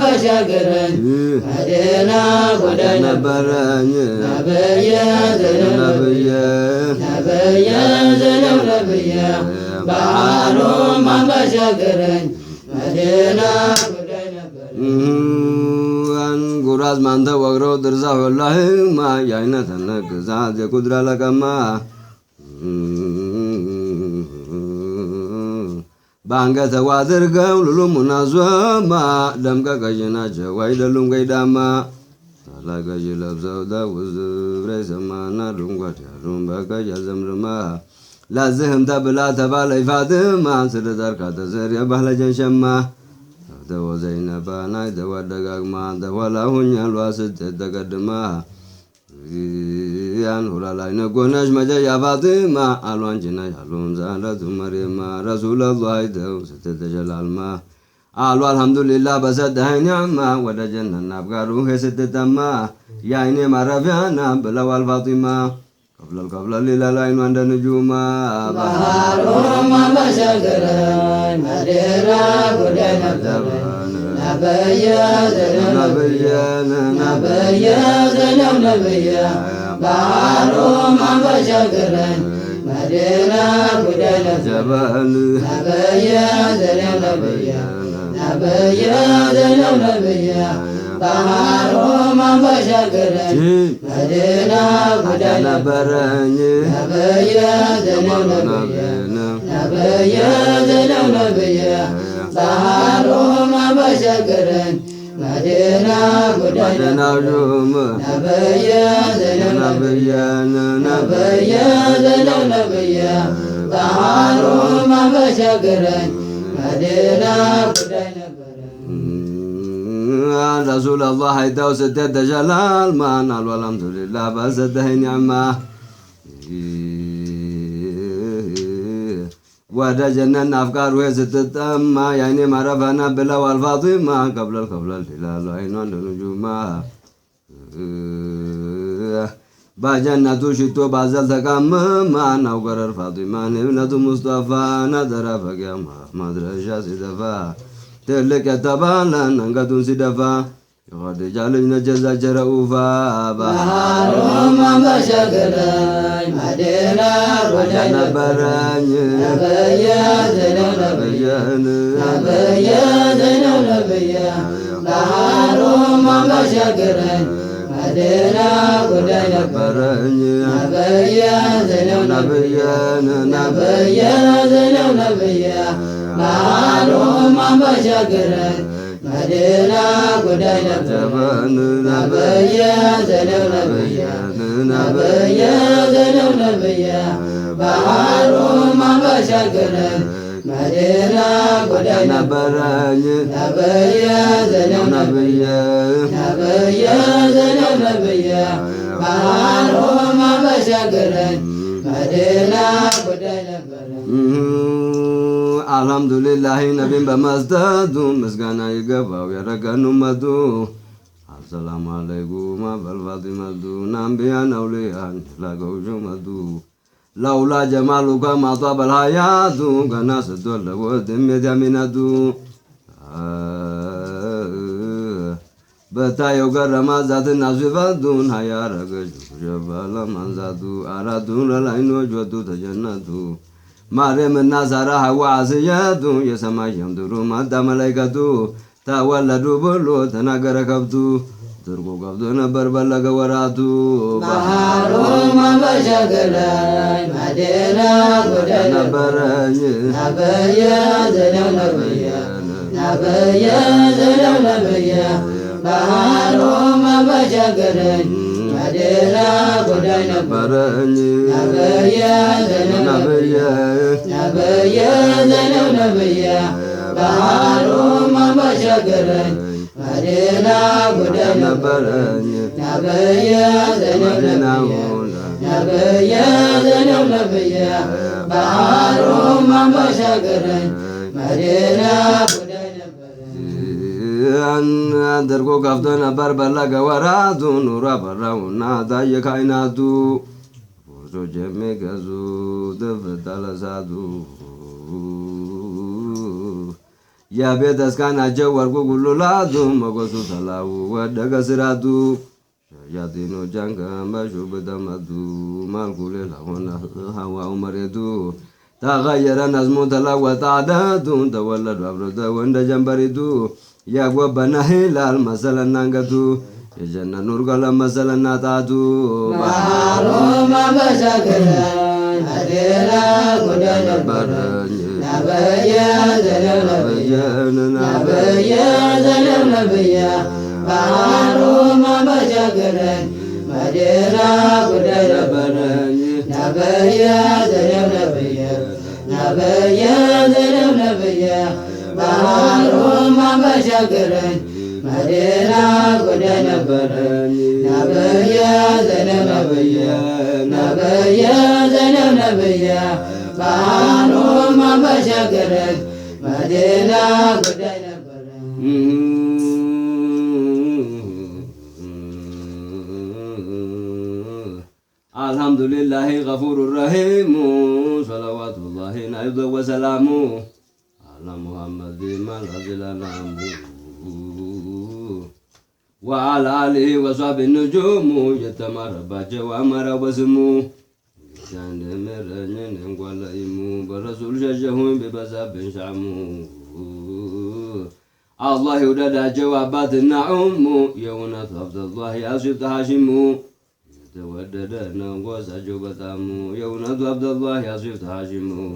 በሻገረኝ አደና ጎዳይ ነበረኝ ነብየ ዘነብየ ነብየ ዘነብየ ባህሎ ማን በሻገረኝ አደና ጎዳይ ነበረኝ ጉራዝ ማንተ ወግረው ድርዛ ወላህማ የአይነተነ ግዛት የቁድራ ለቀማ በአንገተዋ አድርገው ሉሉም ሙናዞማ ደምቀ ቀዥ ናቸው አይደሉም ገይዳማ አላገዥ ለብሰው ውዝብረ ሰማና ድንጓት ያሉም በቀዥ አዘምርማ ላዝህም ተብላ ተባለ ይፋትማ ስለጠርካ ተዘር የባህለጀን ሸማ ተወዘይነባና ተዋደጋግማ ተኋላ ሁኛሏ ስትተቀድማ ያንሁላላይ ነጎነሽ መጀ ያፋጢማ አሏንጅና ያሉን ዛለቱ መሬማ ረሱለላሂ ተው ስትተሸላልማ አሉ አልሐምዱሊላ በሰጠኸኝ ወደ ጀነና አብጋሩህ ስትጠማ የአይኔ ማረፊያና ብለዋል ፋጢማ ቀብለል ቀብለል ይላል አይኗ እንደ ንጁማ ባህሩማ መሸግረኝ መዴራ ጉዳይ በየዘለም ነብየ ባህሩ ማንበሻገረን መድረ ጉደለ በየዘለም ነብየ በየዘለም ነብየ ባህሩ ማንበሻገረን መድረ ጉደለ ነበረኝ ነብየ ዘገረን መድና ጉዳናሉም ነበየ ዘነበየ ነበየ ዘነበየ ባህሩ ማበሸግረን መድና ጉዳይ رسول الله هيدا وسدد جلال ما نال والحمد لله بس الدهن يا ወደ ጀነን አፍቃር ወይ ስትጠማ ያይኔ ማረፋና ብለው አልፋቲማ ከብለል ከብለል ይላሉ አይኗን ልጁማ በጀነቱ ሽቶ ባዘል ተቀምማ ናው ገረር ፋቲማን እብነቱ ሙስጠፋ ነዘረ ፈቂያማ ማድረሻ ሲደፋ ትልቅ የተባለን አንገቱን ሲደፋ የኸዲጃ ልጅ ነጀዛች ረኡፋ ባህሮማ መሸግረ አደራ ወዳጅ ነበረኝ ነብያ ዘነው ነብያን ነብያ ዘነው ነብያ ባህሩን ማሻገረኝ አደራ ወዳጅ መድና ጉዳይ ለዘመን ናበየ ዘለው ነብያ ናበየ ዘለው ነብያ ባህሩ ማበሻገረን መድና ጉዳይ ነበረኝ ናበየ ዘለው ነብያ ናበየ ዘለው ነብያ ባህሩ ማበሻገረን መድና ጉዳይ ነበረኝ አልሐምዱሊላሂ ነቢን በመስደዱ ምስጋና ይገባው የረገኑ መዱ አሰላሙ አለይኩም አበልባቲ መዱ ናምቢያን አውሊያን ላገውጁ መዱ ለውላ ጀማሉ ከማጧ በልሃያቱ ገና ስትወለ ወድም በታየው ገረማ ዛትና ሲፈቱን ሀያ ረገጁ ማንዛቱ አራቱን ለላይኖች ወጡ ተጀነቱ ማርያምና ዛራ ሀዋ አስየቱ የሰማይ ሸምድሩ ማዳ መላይከቱ ተወለዱ ብሎ ተናገረ ከብቱ ድርጎ ገብቶ ነበር በለገ ወራቱ ባህሩ መዲና ነበረኝ ነበየ ዘለው ነበየ ነበየ ዘለው ነበየ ባህሩ ሌላ ጎዳይ ነበረኝ ነበየ ዘነብ ነበየ ነበየ ዘነብ ነበየ ባህሩም አንባሻገረኝ ሌላ ጎዳይ ነበረኝ ነበየ ዘነብ ነበየ ነበየ ዘነብ ነበየ ባህሩም ደርጎ ከፍቶ ነበር በላ ገወራቱ ኑራ በራውና ታየ ካይናቱ ፎርሶ ጀሜ ገዙ ደፍተለሳቱ የቤት እስካናቸው ወርቁ ጉሉላቱ መጎሱ ተላው ወደገ ስራቱ ሸያጢኖ ጃንከ በሹብ ተመቱ መልኩ ሌላ ሆነ ሀዋው መሬቱ ተቀየረ ነዝሙ ተለወጠ አደቱ ተወለዱ አብረተ ወንደ ጀንበሪቱ የጎበነ ሂላል መሰለና አንገቱ የጀነት ኑር ቀለም መሰለና ጣቱ ባህሩማ መሻገረ አደራ ጎዳ ነበረኝ ነበየ ዘለም ነበየ ዘለም ነበየ መደራ ጎዳ ነበየ ዘለም ነበየ ነበየ ዘለም ነበየ ባህሩም አመሻገረኝ መዲና ወደ ነበረኝ ነብየ ዘነብ ነብየ ነብየ ዘነብ ነብየ ባህሩም አመሻገረኝ መዲና ወደ ነበረኝ አልሐምዱሊላሂ ገፉሩ ረሂሙ ሰለዋቱላሂ ናይዘ ወሰላሙ على محمد ما نزل وعلى آله وصحبه النجوم يتمر جوامر وزمو شان يعني مرن نقول إمو برسول شجهم ببساب شعمو الله يودد جوابات النعم يونا عبد الله يا سيد هاشمو يتودد نقوس نعم أجوبة يونا عبد الله يا سيد هاشمو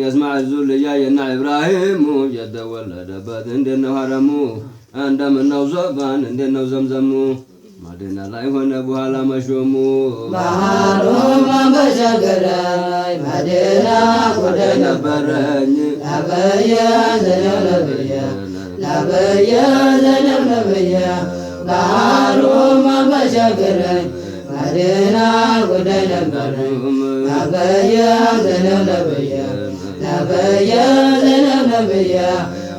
የስማዕ ዙ ልያ የና ኢብራሂሙ የተወለደበት እንዴት ነው ሀረሙ? እንደምነው ዞፋን እንዴት ነው ዘምዘሙ? ማደና ላይ ሆነ በኋላ መሾሙ ባህሩ ማንበሻገራይ ማደና ቆደ ነበረኝ ላበየ ዘነብ ነብያ ላበየ ዘነብ ነብያ ባህሩ ማንበሻገራይ ማደና ቆደ ነበረኝ ላበየ ዘነብ ነብያ በየልም ብያ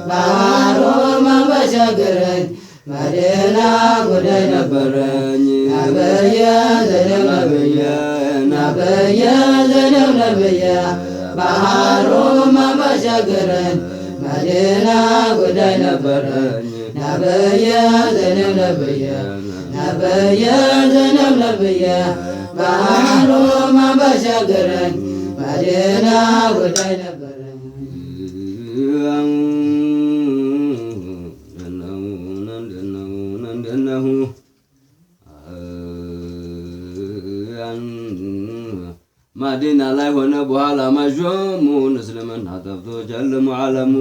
ባሮ መመሸግረኝ መድና ጉዳይ ነበረኝ ናበየልም ነብያ ናበየልም ነብያ ባህሮ መመሸግረኝ መድና ጉዳይ ነበረኝ ናበየልም ነብያ ናበየልም ነብያ ማዲና ላይ ሆነ በኋላ ማዦሙን እስልምና ጠፍቶ ጨልሞ ዓለሙ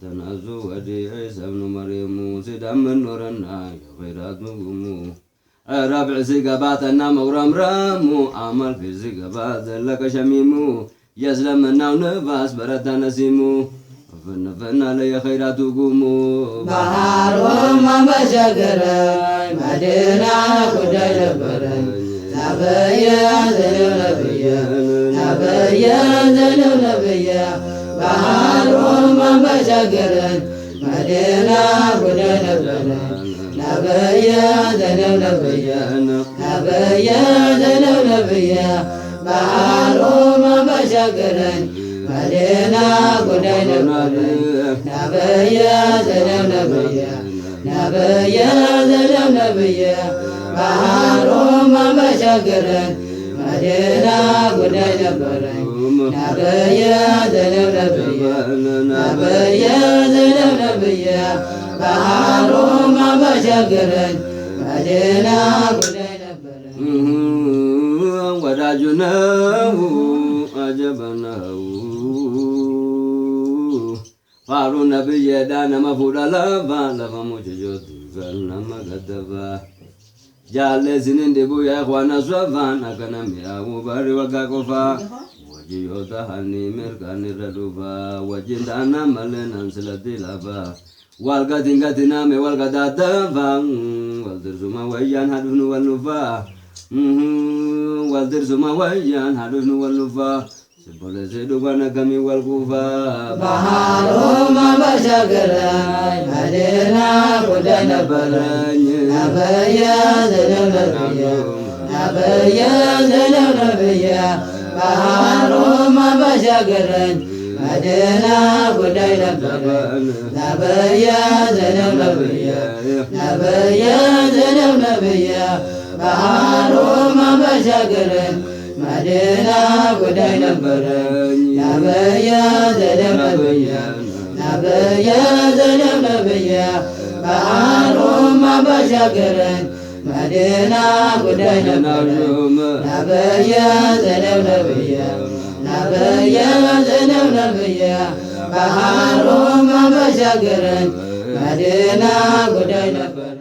ተናዙ ወዲ ዒሳ ብኑ መርየሙ ሲዳምን ኖረና የኸይራት ምግሙ ረብዕ ሲገባተና መውረምረሙ አመል ፊት ሲገባት ዘለቀ ሸሚሙ የእስልምናው ንፋስ በረታ ነሲሙ ፍንፍና ለየኸይራቱ ጉሙ ባህሮማ መሸገረ መዲና ጉዳይ ነበረ አበየ ዘንብ ነብየ አበየ ዘንብ ነብየ ባህሮም ማመጃገረን መድና ጉደ ነበረ ነበየ ዘንብ ነብየ ነበየ ዘንብ ነብየ ባህሮም ማመጃገረን መድና ጉደ ነበረ ነበየ ዘንብ ነብየ ነበየ ዘንብ ነብየ ባህሮም ተቸገረኝ መደና ጉዳይ ነበረኝ ናበየ ዘነብ ነብየ ናበየ ዘነብ ነብየ ባህሩም አመቸገረኝ መደና ጉዳይ ነበረኝ ወዳጁ ነው አጀበ ነው ፋሩ ነብየ ዳነ መፉዳ ለባ ለበሞች ጆት ፈልነመገደባ jalezinin dibu ya khwana swavana kana miawu ubari wakakofa wajiyoda hani merkani raduba wajindana malena nsilatilava walgatingatiname walgadadava waldirzuma wayan hadufnu walnuva mhm, waldirzuma wayan hadufnu walnuva kami walkuva baharoma bashagirai madena kudanabaraye አበያ ዘደብለብያ አበያ ዘደብለብያ ባህሩማ ባሻገረኝ መድና ጉዳይ ነበረኝ አበያ ዘደብለብያ አበያ ዘደብለብያ ባህሩማ ባሻገረኝ መድና ጉዳይ ነበረኝ አበያ ዘደብለብያ ባሻገረን መድና ጉዳይ ነበረን ናበየ ዘነብ ነብየ ናበየ ዘነብ ነብየ ባህሩም ባሻገረን መድና ጉዳይ ነበረ